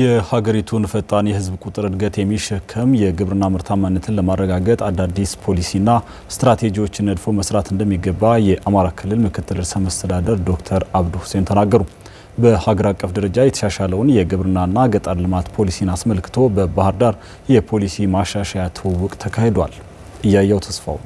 የሀገሪቱን ፈጣን የህዝብ ቁጥር እድገት የሚሸከም የግብርና ምርታማነትን ለማረጋገጥ አዳዲስ ፖሊሲና ስትራቴጂዎችን ነድፎ መስራት እንደሚገባ የአማራ ክልል ምክትል ርዕሰ መስተዳደር ዶክተር አብዱ ሁሴን ተናገሩ። በሀገር አቀፍ ደረጃ የተሻሻለውን የግብርናና ገጠር ልማት ፖሊሲን አስመልክቶ በባህር ዳር የፖሊሲ ማሻሻያ ትውውቅ ተካሂዷል። እያየው ተስፋው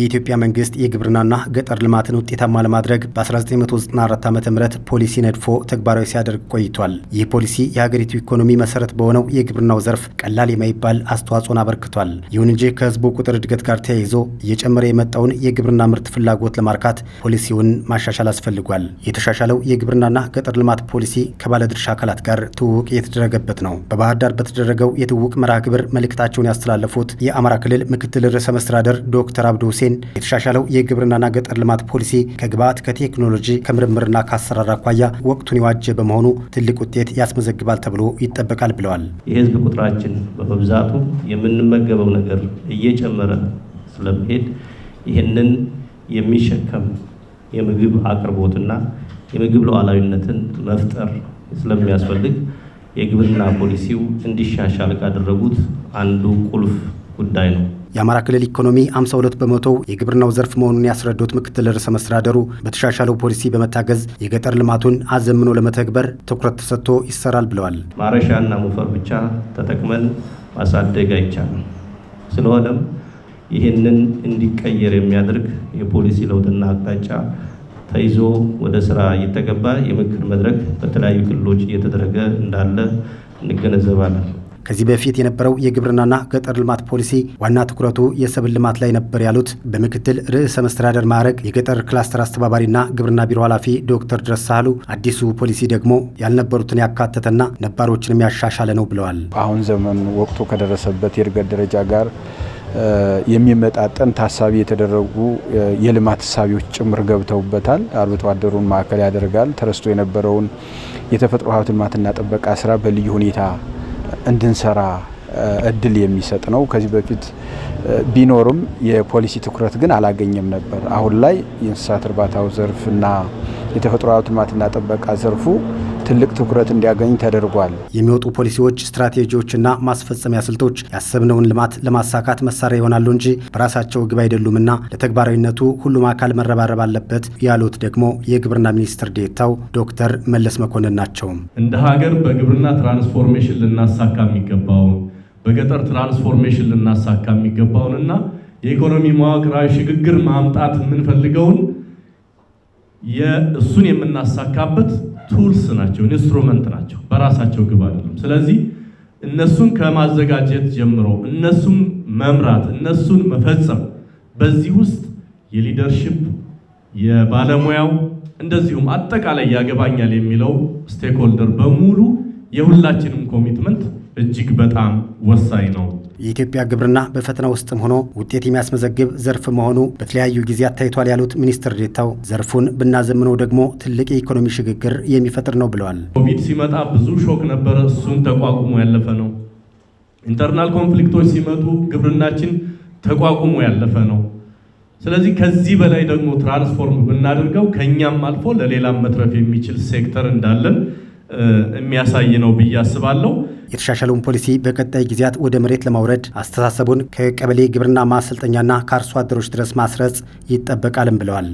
የኢትዮጵያ መንግስት የግብርናና ገጠር ልማትን ውጤታማ ለማድረግ በ1994 ዓ ም ፖሊሲ ነድፎ ተግባራዊ ሲያደርግ ቆይቷል። ይህ ፖሊሲ የሀገሪቱ ኢኮኖሚ መሰረት በሆነው የግብርናው ዘርፍ ቀላል የማይባል አስተዋጽኦን አበርክቷል። ይሁን እንጂ ከህዝቡ ቁጥር እድገት ጋር ተያይዞ እየጨመረ የመጣውን የግብርና ምርት ፍላጎት ለማርካት ፖሊሲውን ማሻሻል አስፈልጓል። የተሻሻለው የግብርናና ገጠር ልማት ፖሊሲ ከባለድርሻ አካላት ጋር ትውውቅ የተደረገበት ነው። በባህር ዳር በተደረገው የትውውቅ መርሃ ግብር መልእክታቸውን ያስተላለፉት የአማራ ክልል ምክትል ርዕሰ መስተዳደር ዶክተር አብዱ ሁሴን ሁሴን የተሻሻለው የግብርናና ገጠር ልማት ፖሊሲ ከግብዓት ከቴክኖሎጂ ከምርምርና ከአሰራር አኳያ ወቅቱን የዋጀ በመሆኑ ትልቅ ውጤት ያስመዘግባል ተብሎ ይጠበቃል ብለዋል። የህዝብ ቁጥራችን በመብዛቱ የምንመገበው ነገር እየጨመረ ስለመሄድ ይህንን የሚሸከም የምግብ አቅርቦትና የምግብ ሉዓላዊነትን መፍጠር ስለሚያስፈልግ የግብርና ፖሊሲው እንዲሻሻል ካደረጉት አንዱ ቁልፍ ጉዳይ ነው። የአማራ ክልል ኢኮኖሚ 52 በመቶ የግብርናው ዘርፍ መሆኑን ያስረዱት ምክትል ርዕሰ መስተዳደሩ በተሻሻለው ፖሊሲ በመታገዝ የገጠር ልማቱን አዘምኖ ለመተግበር ትኩረት ተሰጥቶ ይሰራል ብለዋል። ማረሻና ሙፈር ብቻ ተጠቅመን ማሳደግ አይቻልም። ስለሆነም ይህንን እንዲቀየር የሚያደርግ የፖሊሲ ለውጥና አቅጣጫ ተይዞ ወደ ስራ እየተገባ የምክር መድረክ በተለያዩ ክልሎች እየተደረገ እንዳለ እንገነዘባለን። ከዚህ በፊት የነበረው የግብርናና ገጠር ልማት ፖሊሲ ዋና ትኩረቱ የሰብል ልማት ላይ ነበር ያሉት በምክትል ርዕሰ መስተዳደር ማዕረግ የገጠር ክላስተር አስተባባሪና ግብርና ቢሮ ኃላፊ ዶክተር ድረሳህሉ አዲሱ ፖሊሲ ደግሞ ያልነበሩትን ያካተተና ነባሮችን የሚያሻሻለ ነው ብለዋል። አሁን ዘመን ወቅቱ ከደረሰበት የእድገት ደረጃ ጋር የሚመጣጠን ታሳቢ የተደረጉ የልማት ሳቢዎች ጭምር ገብተውበታል። አርብቶ አደሩን ማዕከል ያደርጋል። ተረስቶ የነበረውን የተፈጥሮ ሀብት ልማትና ጥበቃ ስራ በልዩ ሁኔታ እንድንሰራ እድል የሚሰጥ ነው። ከዚህ በፊት ቢኖርም የፖሊሲ ትኩረት ግን አላገኘም ነበር። አሁን ላይ የእንስሳት እርባታው ዘርፍና የተፈጥሮ ሀብት ልማትና ጥበቃ ዘርፉ ትልቅ ትኩረት እንዲያገኝ ተደርጓል። የሚወጡ ፖሊሲዎች፣ ስትራቴጂዎችና ማስፈጸሚያ ስልቶች ያሰብነውን ልማት ለማሳካት መሳሪያ ይሆናሉ እንጂ በራሳቸው ግብ አይደሉምና ለተግባራዊነቱ ሁሉም አካል መረባረብ አለበት ያሉት ደግሞ የግብርና ሚኒስትር ዴታው ዶክተር መለስ መኮንን ናቸው። እንደ ሀገር በግብርና ትራንስፎርሜሽን ልናሳካ የሚገባውን በገጠር ትራንስፎርሜሽን ልናሳካ የሚገባውን የኢኮኖሚ መዋቅራዊ ሽግግር ማምጣት የምንፈልገውን እሱን የምናሳካበት ቱልስ ናቸው፣ ኢንስትሩመንት ናቸው፣ በራሳቸው ግብ አይደለም። ስለዚህ እነሱን ከማዘጋጀት ጀምሮ እነሱን መምራት፣ እነሱን መፈጸም በዚህ ውስጥ የሊደርሺፕ የባለሙያው እንደዚሁም አጠቃላይ ያገባኛል የሚለው ስቴክሆልደር በሙሉ የሁላችንም ኮሚትመንት እጅግ በጣም ወሳኝ ነው። የኢትዮጵያ ግብርና በፈተና ውስጥም ሆኖ ውጤት የሚያስመዘግብ ዘርፍ መሆኑ በተለያዩ ጊዜያት ታይቷል ያሉት ሚኒስትር ዴታው ዘርፉን ብናዘምነው ደግሞ ትልቅ የኢኮኖሚ ሽግግር የሚፈጥር ነው ብለዋል። ኮቪድ ሲመጣ ብዙ ሾክ ነበረ፣ እሱን ተቋቁሞ ያለፈ ነው። ኢንተርናል ኮንፍሊክቶች ሲመጡ ግብርናችን ተቋቁሞ ያለፈ ነው። ስለዚህ ከዚህ በላይ ደግሞ ትራንስፎርም ብናደርገው ከእኛም አልፎ ለሌላም መትረፍ የሚችል ሴክተር እንዳለን የሚያሳይ ነው ብዬ አስባለሁ። የተሻሻለውን ፖሊሲ በቀጣይ ጊዜያት ወደ መሬት ለማውረድ አስተሳሰቡን ከቀበሌ ግብርና ማሰልጠኛና ከአርሶ አደሮች ድረስ ማስረጽ ይጠበቃልም ብለዋል።